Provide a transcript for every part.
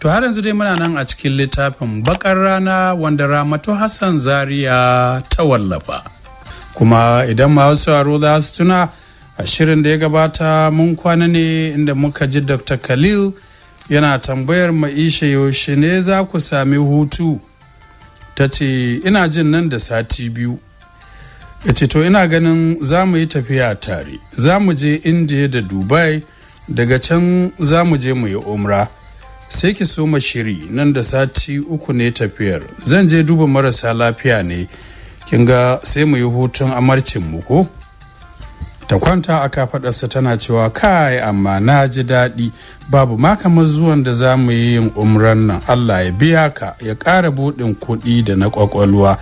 To har yanzu dai muna nan a cikin littafin bakar rana wanda Ramatu Hassan Zaria ta wallafa. Kuma idan wasu aro za su tuna a shirin da ya gabata mun kwana ne inda muka ji Dr. Khalil yana tambayar ma'isha yaushe ne za ku sami hutu. Ta ce ina jin nan da sati biyu. Ya ce to ina ganin za mu yi tafiya tare, za mu je Indiya da Dubai daga can za mu je mu yi umra. sai ki soma shiri nan da sati uku ne tafiyar zan je duba marasa lafiya ne kin ga sai mu yi hutun amarcin mu ko ta kwanta a kafadarsa tana cewa kai amma na ji daɗi babu ma kamar zuwan da za mu yi yin umran nan allah ya biya ka ya ƙara buɗin kuɗi da na ƙwaƙwalwa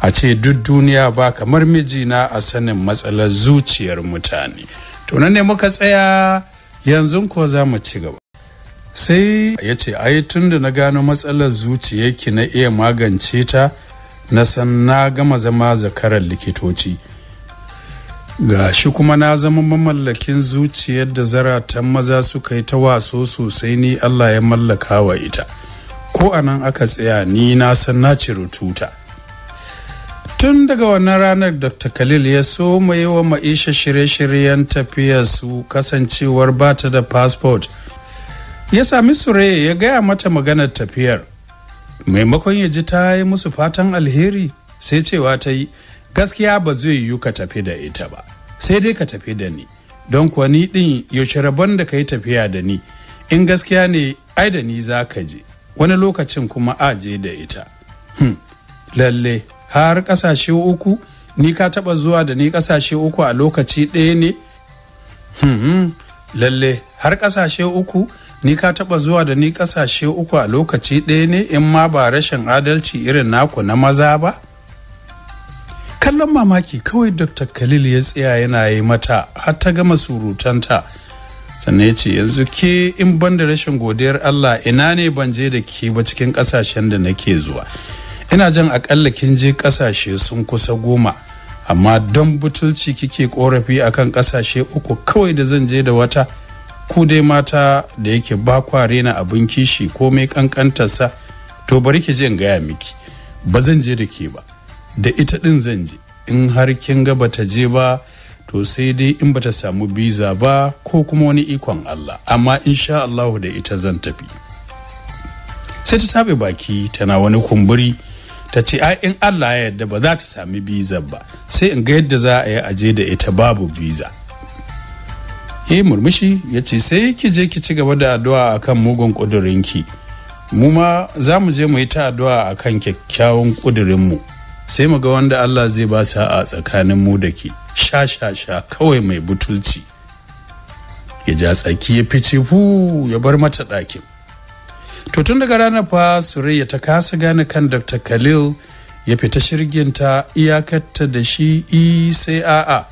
a ce duk duniya ba kamar mijina a sanin matsalar zuciyar mutane to nan ne muka tsaya yanzu ko za mu ci gaba sai ya ce ai tun da na gano matsalar zuciyarki na iya magance ta na san na gama zama zakarar likitoci ga shi kuma na zama mamallakin zuciyar da zaratan maza suka yi ta waso sosai ni allah ya mallaka wa ita ko anan aka tsaya ni na san na ciri tuta tun daga wannan ranar dr khalil ya so mai wa ma'isha shirye-shiryen tafiya su kasancewar bata da fasfot ya sami sure ya gaya mata maganar tafiyar maimakon ya ji ta yi musu fatan alheri sai cewa ta yi gaskiya ba zai yiwu ka tafi da ita ba sai dai ka tafi da ni don kuwa ni din yaushe rabon da ka yi tafiya da ni in gaskiya ne ai da ni za ka je wani lokacin kuma a je da ita hmm. lalle har kasashe uku ni ka taba zuwa da ni kasashe uku a lokaci ɗaya ne hmm. hmm lalle har kasashe uku ni ka taba zuwa da ni kasashe uku a lokaci ɗaya ne in ma ba rashin adalci irin naku na maza ba kallon mamaki kawai dr khalil ya tsaya yana yi mata har ta gama surutanta sannan ya ce yanzu ke in ban da rashin godiyar allah ina ne ban je da ke ba cikin kasashen da nake zuwa ina jan akalla kin je kasashe sun kusa goma amma don butulci kike korafi akan kasashe uku kawai da zan je da wata ku dai mata da yake ba kwa rena abin kishi mai kankantarsa to bari ki je in gaya miki ba zan je da ke ba da ita din zan je in har kin ga bata je ba to sai dai in bata samu biza ba ko kuma wani ikon Allah amma insha Allahu da ita zan tafi sai ta tabe baki tana wani kumburi ta ce ai in Allah ya yarda ba za ta sami biza ba sai in ga yadda za a yi aje da ita babu biza ya eh, murmushi ya ce sai ki je ki ci gaba da addu'a akan mugun ki mu ma za mu je mu yi ta addu'a akan kyakkyawan ƙudurinmu sai mu ga wanda Allah zai ba a tsakanin mu da ke sha sha sha kawai mai butulci ya ja tsaki ya fice fu ya bar mata ɗakin to tun daga ranar fa surayya ta kasa gane kan dr khalil ya fita shirginta iyakarta da shi i sai a'a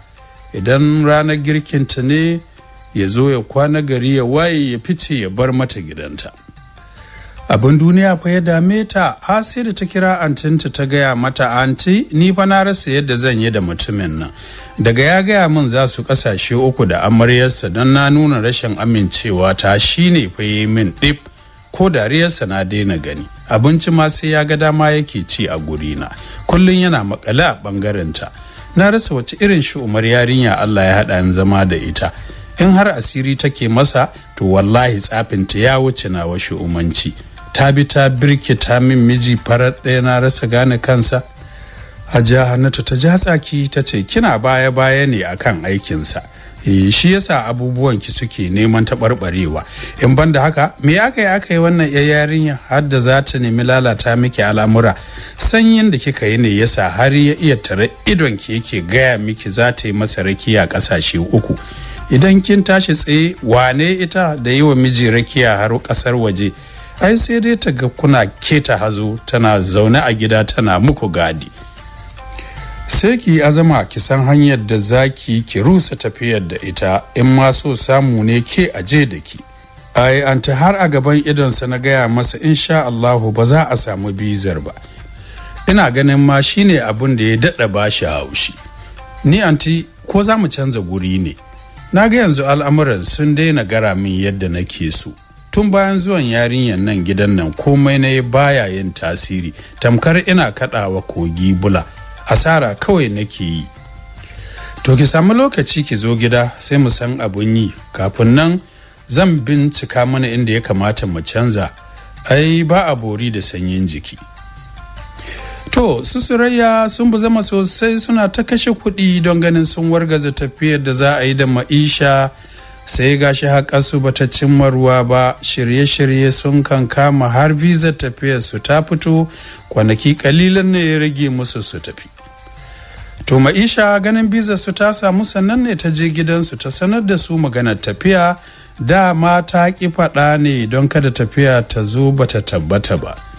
idan ranar girkinta ne ya zo ya kwana gari ya waye ya fice ya bar mata gidanta abin duniya fa ya dame ta da ta kira antinta ta gaya mata anti ni fa na rasa yadda zan yi da mutumin nan daga ya gaya min za su kasashe uku da amaryarsa don na nuna rashin amincewa ta ne fa yi min dip ko dariyarsa na daina gani abinci ma sai ya ga dama yake ci a gurina kullum yana makale a bangarenta na rasa wace irin shi umar yarinya allah ya haɗa zama da ita in har asiri take masa to wallahi tsafin ta ya wuce na washe umanci ta bi ta birke ta min miji farar ɗaya na rasa gane kansa A hannatu ta ja tsaki ta ce kina baya baya ne akan aikinsa e, shi yasa abubuwan ki suke neman taɓarɓarewa in ban da haka me ya kai aka yi wannan ya yarinya har da za ta nemi lalata miki al'amura sanyin da kika yi ne yasa har ya iya tare idon ki yake gaya miki za ta yi masa rakiya ƙasashe uku idan kin tashi tsaye wane ita da yi wa miji rakiya har kasar waje ai sai dai ta ga kuna keta hazo tana zaune a gida tana muku gadi sai ki azama ki san hanyar da zaki ki rusa tafiyar da ita in ma so samu ne ke aje da ki ai an ta har a gaban sa na gaya masa insha Allahu ba za a samu bizar ba ina ganin ma shine abin da ya daɗa bashi haushi ni anti ko za mu canza guri ne na ga yanzu al'amuran sun daina gara min yadda nake so tun bayan zuwan yarinyar nan gidan nan komai na yi baya yin tasiri tamkar ina kaɗawa kogi bula asara kawai nake yi to ki samu lokaci ki zo gida sai mu san abun yi kafin nan zan bincika mana inda ya kamata mu canza ai ba a bori da sanyin jiki To, su surayya sun zama sosai suna ta kashe kuɗi don ganin sun wargaza tafiyar da za a yi da ma'isha sai gashi haƙasu ba ta cimma ruwa ba shirye-shirye sun kan kama har visa tafiyar su ta fito kwanaki kalilan ne ya rage musu su tafi. To ma'isha ganin visa su ta samu sannan ne ta je gidansu ta sanar da su maganar tafiya ma ta ƙi faɗa ne don kada tafiya ta zo ba ta tabbata ba.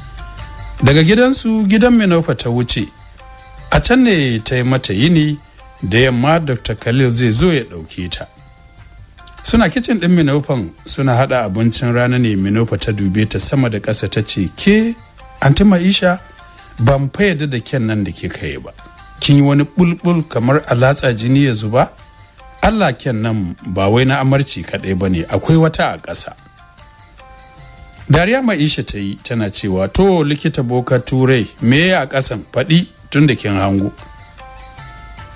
daga gidansu gidan minofa ta wuce a can ne ta yi mata yini da yamma dr khalil zai zo ya ɗauke ta suna kicin ɗin minofan suna haɗa abincin rana ne minofa ta dube ta sama da ƙasa ta ce ke anti maisha ban fayyada da kyan nan da ke kai ba kin yi wani bulbul kamar alatsa jini ya zuba allah kyan nan ba wai na amarci kaɗai ba ne akwai wata a ƙasa dariya ma isha ta yi tana cewa to likita boka turai me a kasan faɗi tun da kin hango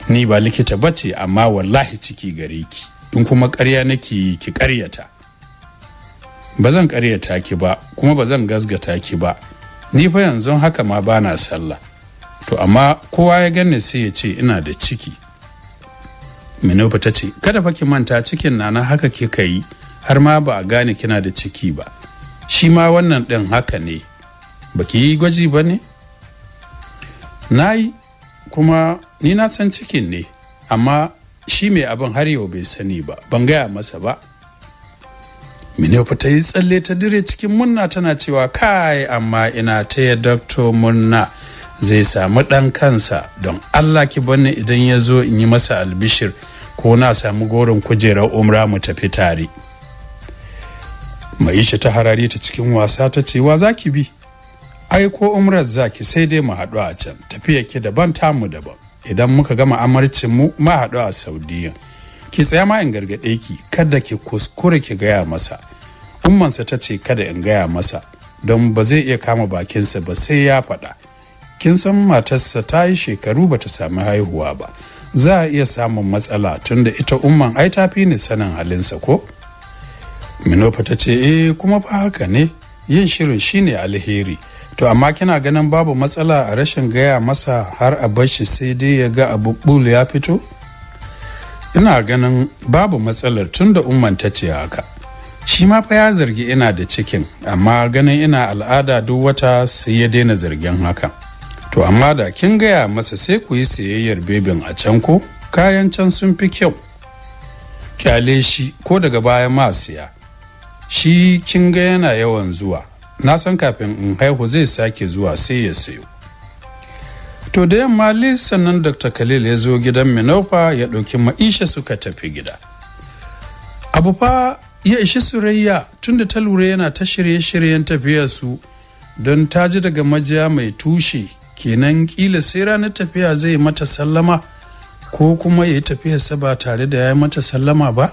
ni ba likita ba ce amma wallahi ciki gare ki in kuma ƙarya nake ki karyata. ba zan ƙaryata ki ba kuma ba zan gasgata ki ba ni fa yanzu haka ma bana sallah to amma kowa ya ganni sai ya ce ina da ciki minofa ta ce kada fa ki manta cikin nana haka kika yi har ma ba a gane kina da ciki ba shi ma wannan ɗin haka ne baki yi gwaji ba ne na yi kuma ni na san cikin ne amma shi mai abin har yau bai sani ba ban gaya masa ba minefu ta yi tsalle ta dire cikin munna tana cewa kai amma ina ta ya dokto munna zai samu ɗan kansa don allah ki banni idan ya zo in yi masa albishir ko na samu goron kujerar umra mu tafi tare maisha ta harare ta cikin wasa ta ce wa zaki bi ai ko umrar zaki sai dai mu haɗu a can tafiya ke daban tamu daban idan muka gama amarcin mu ma haɗu a saudiya ki tsaya ma in gargaɗe ki kada ki kuskure ki gaya masa ummansa ta ce kada in gaya masa don ba zai iya kama bakinsa ba sai ya faɗa kin san matarsa ta yi shekaru ba ta sami haihuwa ba za a iya samun matsala tunda ita umman ai ta fi ni sanin halinsa ko minofa ta ce eh kuma fa haka ne yin shirin shine alheri to amma kina ganin babu matsala a rashin gaya masa har a bashi sai dai ya ga abu bul ya fito ina ganin babu matsalar tun da umman ta ce haka shi ma fa ya zargi ina da cikin amma ganin ina al'ada duk wata sai ya daina zargin haka to amma da kin gaya masa sai ku yi sayayyar bebin a can ko kayan can sun fi kyau kyale shi ko daga baya ma siya shi kin ga yana yawan zuwa na san kafin in haihu zai sake zuwa sai ya sayo to da yamma lisan nan dr khalil ya zo gidan minofa ya ɗauki ma'isha suka tafi gida abu fa ya ishi surayya tunda ta lura yana ta shirye-shiryen tafiyarsu don ta ji daga majiya mai tushe kenan kila sai ranar tafiya zai mata sallama ko kuma ya yi tafiyarsa ba tare da ya yi mata sallama ba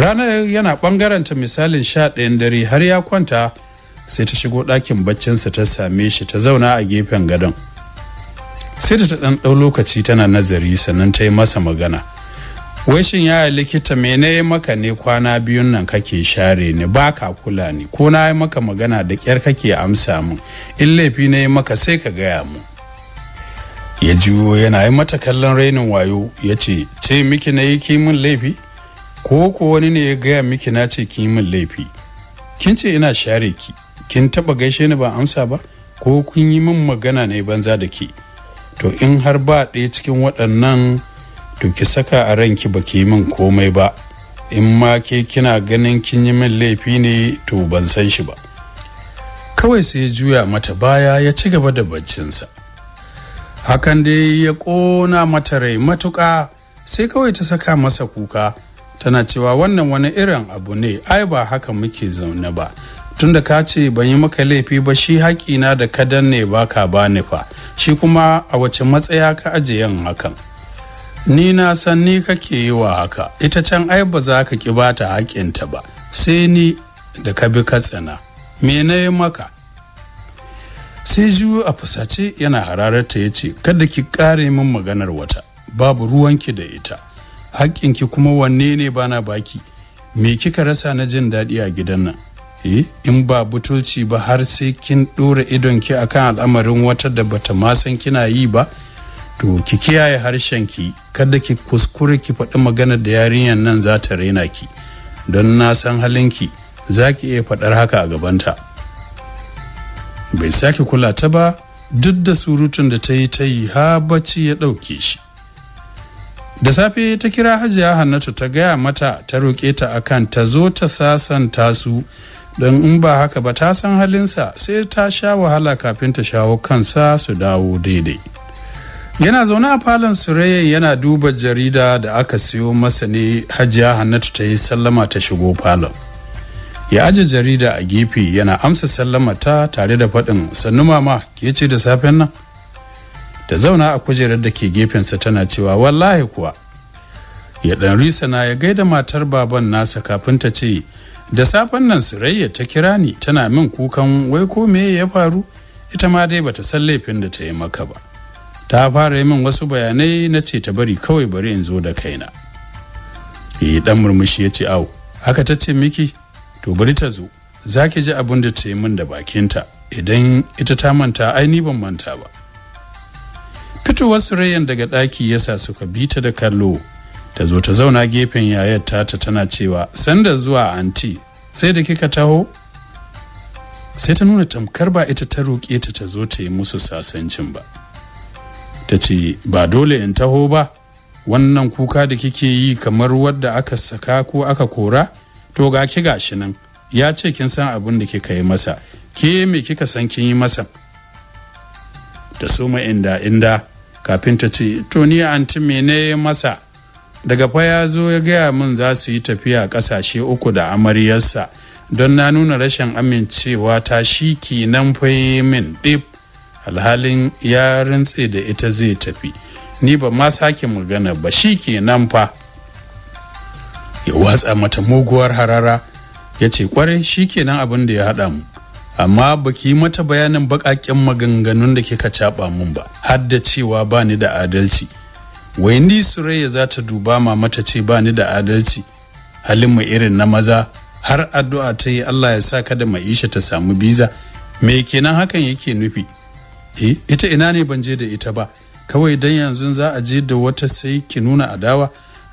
ranar yana ɓangaranta misalin sha ɗayan dare har ya kwanta sai ta shigo ɗakin baccinsa ta same shi ta zauna a gefen gadon sai ta ɗan ɗau lokaci tana nazari sannan ta yi masa magana wai shin yaya likita mene maka ne kwana biyun nan kake share ni ba ka kula ni ko na yi maka magana da ƙyar kake amsa min in laifi na yi maka sai ka gaya mu ya juyo yana yi mata kallon rainin wayo ya ce ce miki na yi kimin laifi ko ko wani ne ya gaya miki na ce kin yi min laifi kin ce ina share ki kin taba gaishe ni ba amsa ba ko kun yi min magana ne banza da ke to in har ba ɗaya cikin waɗannan to ki saka a ranki ba ki min komai ba in ma ke kina ganin kin yi min laifi ne to ban san shi ba kawai sai juya mata baya ya ci gaba da baccinsa hakan dai ya ƙona mata rai matuƙa sai kawai ta saka masa kuka tana cewa wannan wani irin abu ne ai ba haka muke zaune ba tunda ka ce ban yi maka laifi ba shi haƙina da ka danne ba ka ba ni fa shi kuma a wace matsaya ka aje yin hakan ni na san ni kake yi wa haka ita can ai ba za ka ki bata haƙinta ba sai ni da ka bi katsina me na yi maka sai juyo a fusace yana ta ya ce kada ki ƙare min maganar wata babu ruwanki da ita haƙƙinki kuma wanne ne bana baki me kika rasa na jin daɗi a gidan nan eh in ba butulci ba har sai kin ɗora idonki akan al'amarin wata da bata ma san kina yi ba to ki kiyaye harshenki kada ki kuskure ki faɗi magana da yarinyar nan za ta raina ki don na san halinki za ki iya faɗar haka a gabanta bai sake kula ta ba duk da surutun da ta yi ta yi ha bacci ya ɗauke shi da safe ta kira hajiya hannatu ta gaya mata ta roƙe ta akan ta zo ta sasanta su don in ba haka ba ta san halinsa sai ta sha wahala kafin ta shawo kansa su dawo daidai yana zaune a falon surayya yana duba jarida da aka siyo masa ne hajiya hannatu ta yi sallama ta shigo falon ya aje jarida a gefe yana amsa sallama ta tare da faɗin sannu mama ke ce da safen nan Da zauna a kujerar da ke gefensa tana cewa wallahi kuwa ya dan risana ya gaida matar baban nasa kafin ta ce da safen nan surayya ta kira ni tana min kukan wai ko me ya faru ita ma dai bata san laifin da ta yi maka ba ta fara yi min wasu bayanai na ce ta bari kawai bari in zo da kaina yi dan murmushi ya ce au haka ta ce miki to bari ta zo za ki ji abun da ta yi min da bakinta idan ita ta manta ai ni ban manta ba fitowar surayyan daga ɗaki ya sa suka bi ta da kallo ta zo ta zauna gefen yayar tata tana cewa sanda zuwa anti sai da kika taho sai ta nuna tamkar ba ita ta roƙe ta ta zo ta yi musu sasancin ba ta ce ba dole in taho ba wannan kuka da kike yi kamar wadda aka saka ko aka kora to ga ki gashi nan ya ce kin san abin da kika yi masa ke me kika san kin yi masa ta soma inda inda kafin ta ce to ni anti mene masa daga fa ya zo ya gaya min za su yi tafiya ƙasashe uku da amaryarsa don na nuna rashin amincewa ta shi ki nan min alhalin ya rintse da ita zai tafi ni ba ma sake magana ba shi nan fa ya watsa mata muguwar harara ya ce kwarai shi kenan abin da ya haɗa mu amma baki mata bayanin bakaken maganganun da kika caba mun ba har da cewa bani da adalci wai ni za ta duba ma mata ce bani da adalci halin mu irin na maza har addu'a ta yi Allah ya sa kada maisha ta samu biza me kenan hakan yake nufi eh ita ina ne ban je da ita ba kawai dan yanzu za a je da wata sai ki nuna adawa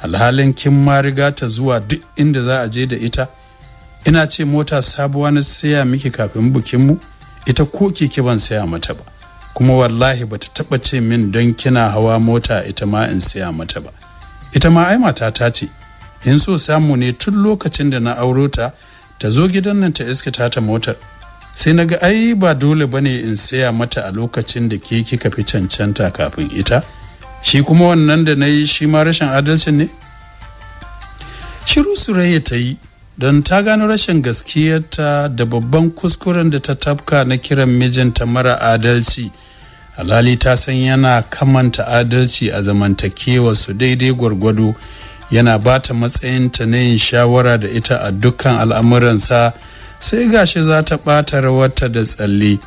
alhalin kin ma riga ta zuwa duk inda za a je da ita ina ce mota sabuwa na saya miki kafin bikinmu ita ko keke ban saya mata ba kuma wallahi bata taba ce min don kina hawa mota ita ma in saya mata ba ita ma ai mata ta ce in so samu ne tun lokacin da na auro ta ta zo gidan nan ta iska ta motar sai na ga ai ba dole bane in saya mata a lokacin da ke kika fi cancanta kafin ita shi kuma wannan da na yi shi ma rashin adalcin ne shiru surayya ta yi don ta gano rashin gaskiyarta da babban kuskuren da ta tafka na kiran mijinta mara adalci alali ta san yana kamanta adalci a zamantakewa su daidai gwargwado yana ba ta matsayinta na yin shawara da ita a dukkan al'amuransa sai gashi za ta ɓata rawarta da tsalle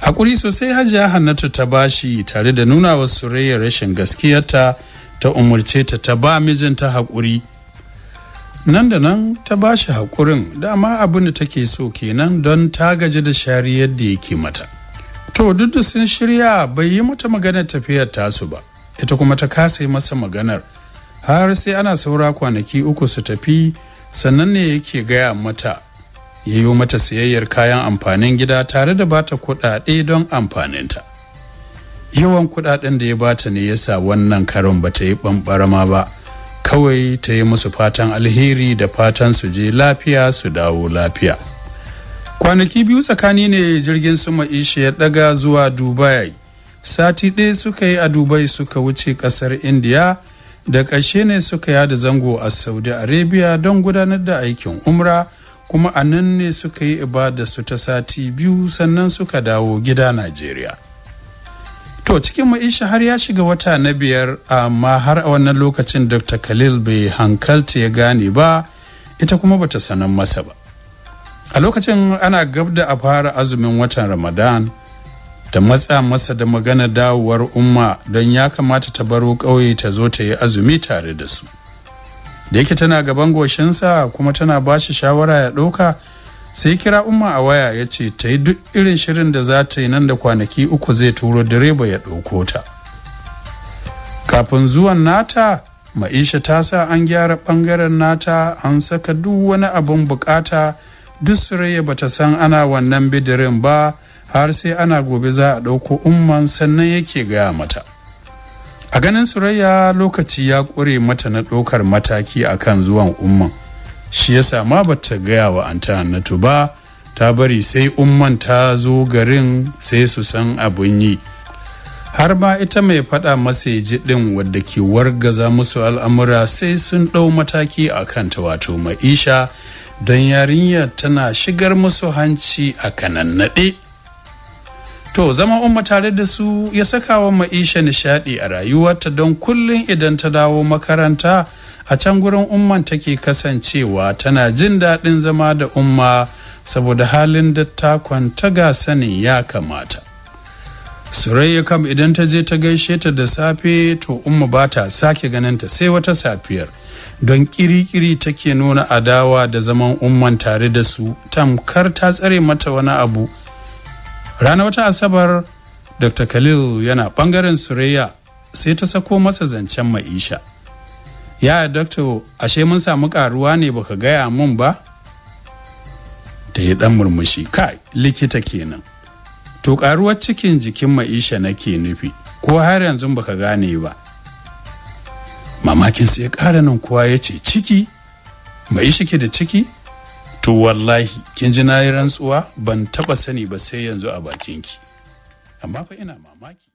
hakuri sosai hajiya hannatu ta bashi tare da nuna wa surayyar rashin gaskiyarta ta umarce ta ta ba mijinta hakuri nan da nan ta ba shi haƙurin dama abin da take so kenan don ta gaji da shari yadda yake mata to duk da sun shirya bai yi mata maganar tafiyar tasu ba ita kuma ta kasa masa maganar har sai ana saura kwanaki uku su tafi sannan ne yake gaya mata Ya yiwu mata siyayyar kayan amfanin gida tare da bata kuɗaɗe don amfaninta yawan kuɗaɗen da ya bata ne yasa wannan karon bata yi ɓamɓarama ba kawai ta yi musu fatan alheri da fatan su je lafiya su dawo lafiya kwanaki biyu tsakani ne jirgin su ishe ya daga zuwa dubai sati ɗaya suka yi a dubai suka wuce ƙasar india da ƙarshe ne suka yada zango a saudi arabia don gudanar da aikin umra kuma a nan ne suka yi ibada su ta sati biyu sannan suka dawo gida najeriya To cikin ma'isha har ya shiga wata na biyar amma har a wannan lokacin Dr. Khalil bai hankalta ya gane ba ita kuma bata sanan masa ba. A lokacin ana gab da a fara azumin watan Ramadan ta matsa masa da magana dawowar umma don ya kamata ta baro ƙauye ta zo ta yi azumi tare da su. Da yake tana gaban goshinsa kuma tana bashi shawara ya ɗauka sai kira umma a waya ya ce ta yi duk irin shirin da za ta yi nan da kwanaki uku zai turo direba ya ɗauko ta kafin zuwan nata ma'isha ta sa an gyara ɓangaren nata an saka duk wani abin bukata duk surayya bata san ana wannan bidirin ba har sai ana gobe za a ɗauko umman sannan yake gaya mata a ganin surayya lokaci ya ƙure mata na ɗaukar mataki akan zuwan umman shi yasa ma bata gaya wa anta annatu ba ta bari sai umman ta zo garin sai su san abun yi har ma ita mai faɗa masaji ɗin wadda ke wargaza musu al'amura sai sun ɗau mataki a kanta wato ma'isha don yarinya tana shigar musu hanci a kanannaɗe to zama umma tare da su ya saka wa ma'isha nishaɗi a rayuwarta don kullum idan ta dawo makaranta a can gurin umman take kasancewa tana jin daɗin zama da umma saboda halin da takon ta ga sanin ya kamata surayya kam idan ta je ta gaishe ta da safe to umma ba ta sake ganinta sai wata safiyar don kiri-kiri take nuna adawa da zaman umman tare da su tamkar ta tsare mata wani abu ranar wata asabar dr khalil yana bangaren surayya sai ta sako masa zancen maisha ya doctor ashe mun samu karuwa ne baka gaya mun ba ta yi dan murmushi kai likita kenan to karuwar cikin jikin maisha nake nufi ko har yanzu baka gane ba mamakin sai ƙara nan kuwa ya ce ciki maisha ke da ciki to wallahi kin ji na yi rantsuwa ban taba sani ba sai yanzu a bakinki amma fa ina mamaki